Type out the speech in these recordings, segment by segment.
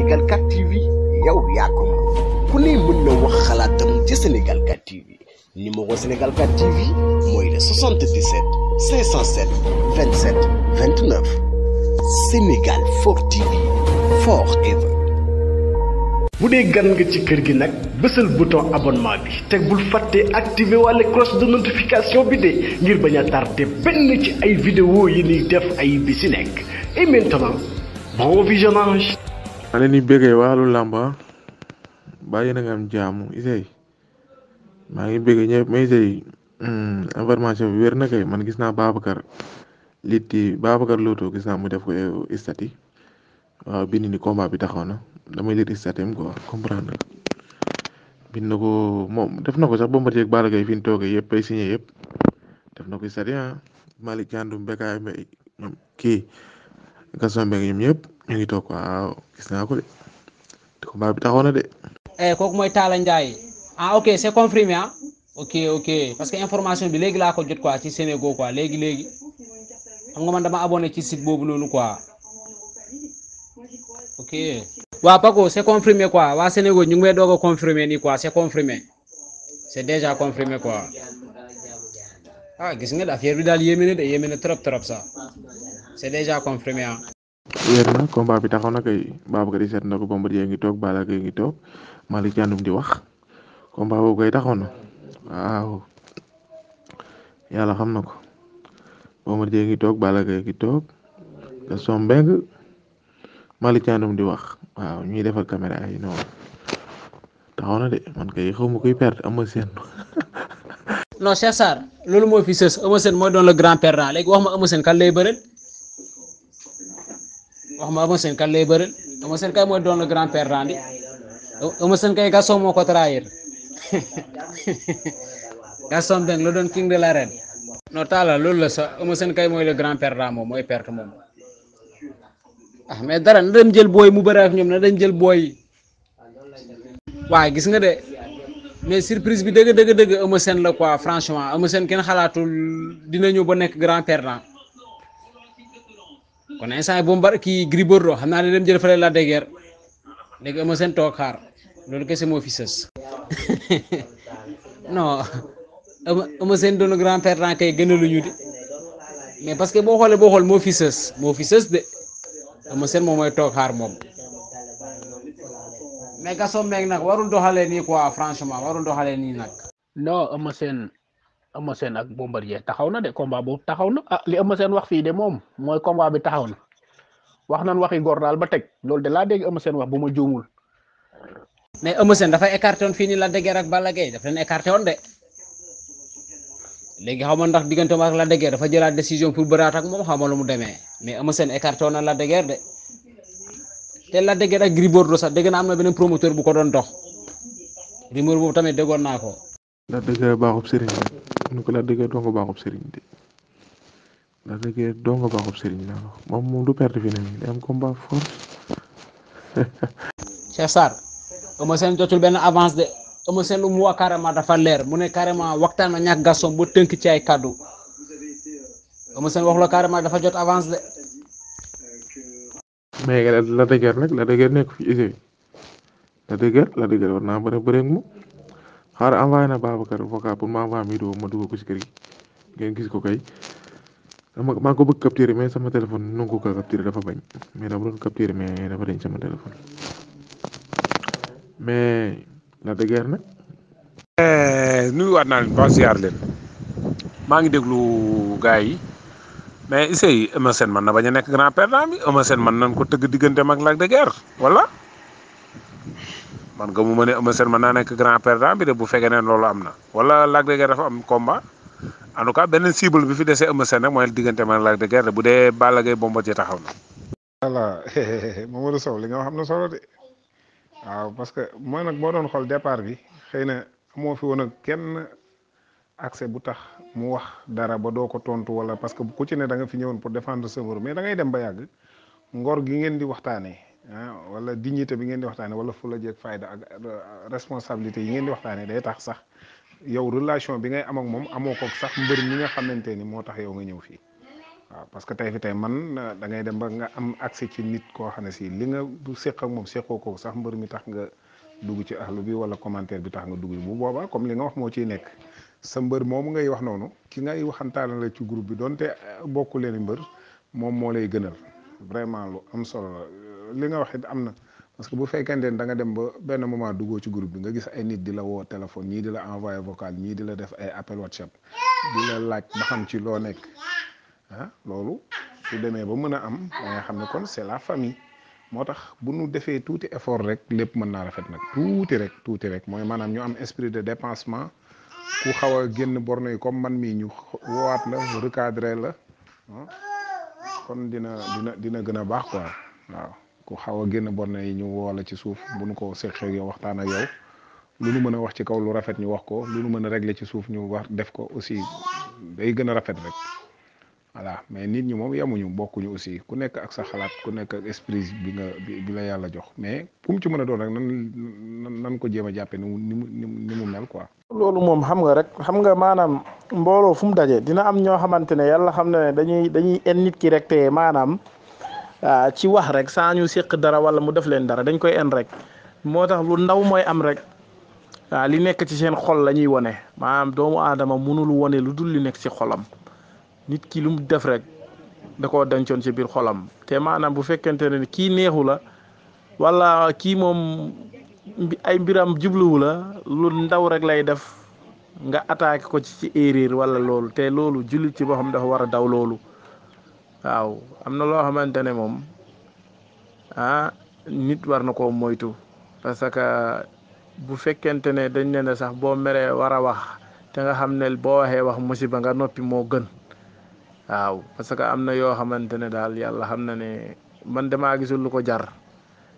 Sénégal 4 TV yow yakum. ko ne mën na wax xalaatam ci Sénégal 4 TV numéro Sénégal 4 TV moy le 77 507 27 29 Sénégal 4 TV forever. bu vous gan nga ci kër gi nag le bouton abonnement bi teg bul fàttee activé cloche de notification bi ne ngir bañ a tardé ci ay vidéo yi ni def ay et maintenant bon visionnage maa leen di bëggee waalu làmba bàyyi na nga am jaamu Izey maa ngi bëggee ñëpp mais hmm, information bi wér na kay man gis naa Babacar litti Babacar Loto gis mu def ko istati eh, waaw bind ni bi taxaw na na ko moom def na ko sax Bombardier ak Balla Gaye fi ñu toogee yëpp ay signé yëpp na ko istati ah Malick Thiandoum Bécaye Mbaye ñoom kii Gaston Mbengue ñoom ñu ngi toog ko de bi taxaw de. Eh, kooku mooy ah ok c'est confirmé ah ok parce que information bi léegi laa ko jot quoi ci Sénégal quoi léegi boobu noonu quoi ok. waa ñu ngi nii quoi c'est confirmé c'est déjà confirmé quoi ah gis nga affaire bi daal yéeme na de yéeme trop trop ça c'est déjà confirmé ah. weer na combat bi taxaw na kay Babacar yi seet na ko Bombardier ngi toog Balla Gaye ngi di wax ko boobu kay taxaw na waaw yàlla xam na ko Bombardier ngi toog Balla Gaye ngi toog Gaston Mbengue Malick Thiandoum di wax waaw ñuy defal caméra yi noonu na de man kay xaw ma koy perte a na seen. non Cheikh Sarr loolu moo fi sës Eumeu Sène mooy doon le grand perdant léegi wax ma Eumeu Sène kan lay waxuma Eumeu Sène kan lay bëreel kay mooy doon le grand père Randy kay Gaston moo ko trahir Gaston Mbengue la doon king de l'arène non taala loolu la sax Eumeu kay mooy le grand père moom mooy perte moom ah mais dara na dem jël booy mu bëre ak ñoom na dem jël booy waaye gis nga de mais surprise bi dëgg dëgg dëgg Eumeu la quoi franchement kenn xalaatul dina ñëw ba nekk grand père kon instant bo mbar ki griborro, Bordeaux xam naa dem jël fa la de guerre léegi ama seen toog xaar loolu kese moo fi sës non ama seen doon grand rank kay gënalu ñu di mais parce que bo xolé bo xol mo fi mo fi de ama sen moom moy toog xaar moom mais Gaston Mbengue nak warul doxalee ni quoi franchement warul doxalee ni nak. non ama sen Eumeu Sène ak Bombardier taxaw na de combat boobu taxaw na ah wax fii de moom mooy combat bi taxaw na wax nan waxi góor daal ba teg loolu de laa dégg Eumeu Sène wax bu ma juumul. mais Eumeu Sène dafa écarté on fii nii la déggeer ak Balla Gaye daf leen écarté woon de léegi xaw ma ndax ak la déggeer dafa jëlaat décision pour bëraat ak moom xaw mu demee mais Eumeu Sène écarté woon na la déggeer de te la déggeer ak Gris Bordeaux sax dégg na am na beneen promoteur bu ko doon dox rumeur boobu tamit déggoon naa ko. mu ko la de do nga baaxub sëriñ de la de do nga baaxub sëriñ la wax mom moom du perdre fi ne nii am combat fort. Cheikh Sarr Eumeu Sène jotul ben avance de Eumeu Sène lu mu wax carrément dafa leer mu ne carrément waxtaan na ñàkk Gaston ba tënk ci ay kàddu Eumeu Sène waxu la carrément dafa jot avance de. mais la de rek la Lac de nekk fi essayé la de la Lac war na bëre bëre mu har envoyé na Babacar vocal pour m'envoyer vidéo ma dugal ko ci kër gi ngeen gis ko kay dama maa ko bëgg capturer mais sama téléphone nangu ko capturer dafa bañ mais dama doon capturer mais dafa dañ sama téléphone mais la de guerre nag nuyuwaat naa leen ba ziar leen maa ngi déglu gars yi mais apa yi Eumeu man na bañ a nekk grand perdant bi Eumeu man nañ ko tëgg digganteem ak Lac de Guiers wala man gëmu ma ne Eumeu Sène mën naa nekk grand perdant bi de bu fekkee ne lolu amna wala Lac de guerre dafa am combat en tout cas benen cible bi fi déssé Eumeu Sène nak moy digënté man Lac de guerre bu dé balagay Gaye ci taxaw na. voilà Mamadou Sow li nga wax am solo dé waaw parce que mooy nak boo doon xol départ bi xeyna na fi woon ak kenn accès bu tax mu wax dara ba doo ko tontu wala parce que ku ci ne da nga fi ñëwoon pour défendre sa mbër mais da ngay dem ba yàgg ngor gi ngeen di waxtané Ah, wala dignité bi ngeen di waxtaanee wala fulla jeeg fayda ak responsabilité yi ngeen di waxtaanee day tax sax yow relation bi ngay amook moom amoo ko sax mbër mi nga xamante ni moo tax yow nga ñëw fii parce que tey fi man eh, da ngay dem ba nga am accès ci nit koo xam ne si li nga séq ak moom séqoo ko sax mbër mi tax nga dugg ci allu bi wala commentaire bi tax nga dugg bu boobaa comme li nga wax moo ciy nekk sa mbër moomu ngay wax noonu ki ngay waxantaan ci groupe bi donte eh, bokku leen mbër moom moo lay gënal vraiment lu am solo li nga wax it am na parce que bu fekkante da nga dem ba ben moment duggo ci groupe bi nga gis ay nit dila wo telephone ni dila envoyer vocal ni dila def ay appel whatsapp dila laaj ba xam ci lo nek ah, lolu su deme ba meuna am nga xamne kon selafami. la famille motax bu nu defé touti effort rek lepp meuna rafet nak touti rek touti rek moy manam ñu am esprit de dépensement ku xawa genn génn borne yi comme man mi ñu woat la recadrer la ah, kon dina dina dina gëna bax quoi waaw ku xaw a génn borne yi ñu woola ci suuf bu nu ko séqee yow lu nu mën a wax ci kaw lu rafet ñu wax ko lu nu mën a régler ci suuf ñu wax def ko aussi day gën a rafet rek voilà mais nit ñi moom ñu bokkuñu aussi ku nekk ak sa xalaat ku nekk ak esprit bi nga bi la yàlla jox mais fu ci mën a doon rek nan nan ko jéem a jàppee mu ni mu ni mu mel quoi. loolu moom xam nga rek xam nga maanaam mbooloo fu mu daje dina am ñoo xamante ne yàlla xam na ne dañuy dañuy ki rek te maanaam. Ah, ci wax rek saa ñu séq dara wala mu def leen dara dañ koy en rek moo tax lu ndaw mooy am rek waaw ah, li nekk ci seen xol la ñuy wone maanaam doomu aadama mënul wone lu dul li nekk ci xolam nit ki lu mu def rek da koo dencoon ci biir xolam te maanaam bu fekkente ne kii neexu la wala kii moom ay mbiram jubluwu la lu ndaw rek lay def nga attaqué ko ci ci erreur wala loolu te loolu jullit ci boo xam dafa war a daw loolu waaw am na loo xamante ne moom ah nit war na koo moytu parce que bu fekkente ne dañ ne ne sax boo meree war a wax te nga xam ne boo waxee wax musiba nga noppi moo gën waaw parce que am na yoo xamante ne daal yàlla xam na ne man damaa gisul lu ko jar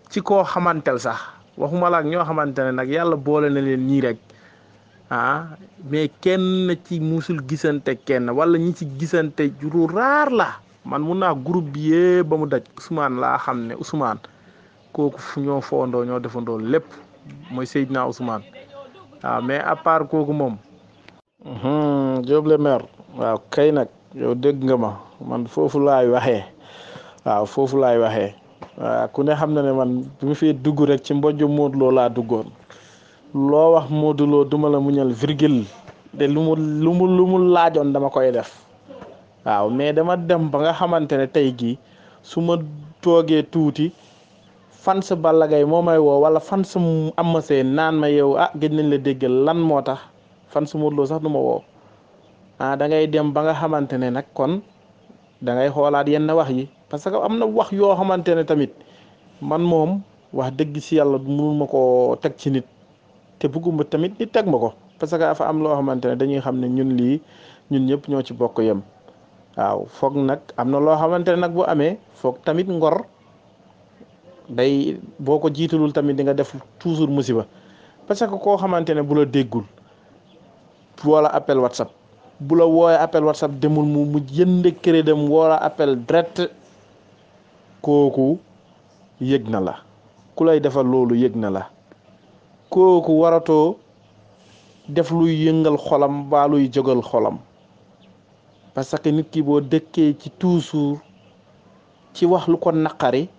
ci koo xamantel sax waxuma la ñoo xamante ne nag yàlla boole na leen ñii rek ah mais kenn ci musul gisante kenn wala ñi ci gisante lu raar la. man mun naa group bi ba mu daj Ousmane laa xam ne Ousmane kooku fu ñoo foondoo ñoo defandoo lépp mooy Seydina Ousmane waaw mais à part kooku moom. Hmm, Diop le maire waaw kay nag yow dégg nga ma man foofu laay waxee waaw foofu lay waxee waaw ku ne xam na ne man bi mu fi dugg rek ci mbojj Modou laa duggoon loo wax Modou duma la muñal virgule de lu mu lu mu lu mu laajoon dama koy def. waaw mais dama dem ba nga xamante ne tey gii su ma toogee tuuti fan su Balla Gaye moo may woo wala am ma see naan ma yow ah génn nañ la dégg lan moo tax fans Modou Lo sax nu ma woo ah da ngay dem ba nga xamante ne nag kon da ngay xoolaat yenn wax yi parce que am na wax yoo xamante ne tamit man moom wax dëgg ci yàlla mënu ma koo teg ci nit te bugguma tamit nit teg ma ko parce que dafa am loo xamante ne dañuy xam ne ñun lii ñun ñëpp ñoo ci bokk yem. waaw foog nag am na loo xamante ne nag bu amee foog tamit ngor day boo ko jiitalul tamit di nga def toujours musiba parce que koo xamante ne bu la déggul wala appel whatsapp bu la wooyee appel whatsapp demul mu mu jënd crédit dem wala appel direct kooku yëg na la ku lay defal loolu yëg na la kooku waratoo def luy yëngal xolam baa luy jógal xolam parce que nit ki boo dëkkee ci toujours ci wax lu ko naqari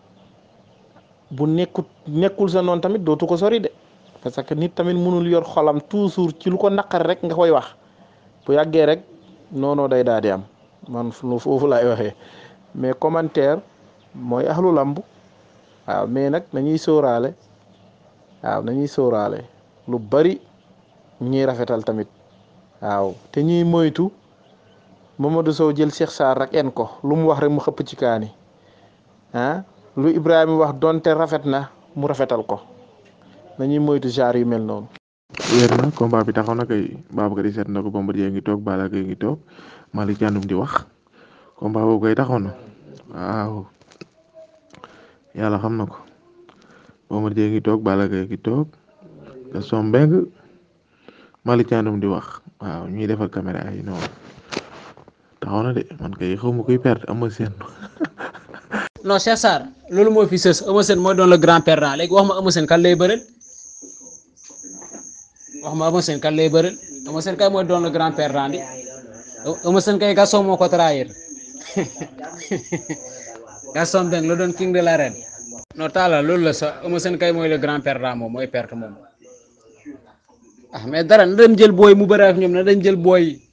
bu nekkut nekkul sa noon tamit dootu ko sori de parce que nit tamit mënul yor xolam toujours ci lu ko naqari rek nga koy wax bu yàggee rek noonu day daal di am man foofu lay waxee mais commentaire mooy axlu lamb waaw mais nag nañuy sóoraale waaw nañuy sóoraale lu bari ñuy rafetal tamit waaw te ñuy moytu. Mamadou Sow jël Cheikh saar rek en ko lu mu wax rek mu xëpp ci kaani ah lu Ibrahima wax donte rafet na mu rafetal ko nañuy moytu genre yu mel noonu. weer na combat bi taxaw na kay Babacar seet na ko Bombardier ngi toog Balla Gaye ngi toog Malick Thiandoum di wax combat boobu kay taxaw na waaw yàlla xam na ko Bombardier ngi toog Balla Gaye ngi toog Gaston Mbengue di wax waaw ñuy defal caméra yi noonu. taxaw de man kay xaw ma kuy perte Eumeu Sène non Cheikh Sarr loolu moo fi sës Eumeu Sène mooy doon le grand perdant léegi wax ma Eumeu Sène kan lay bëreel kay mooy doon le grand perdant di kay Gaston moo ko Gaston Mbengue la doon king de l'arène non taala loolu la sa Eumeu kay mooy le grand perdant moom mooy perte moom ah mais dara na dem jël booy mu bëre ak ñoom na dem jël booy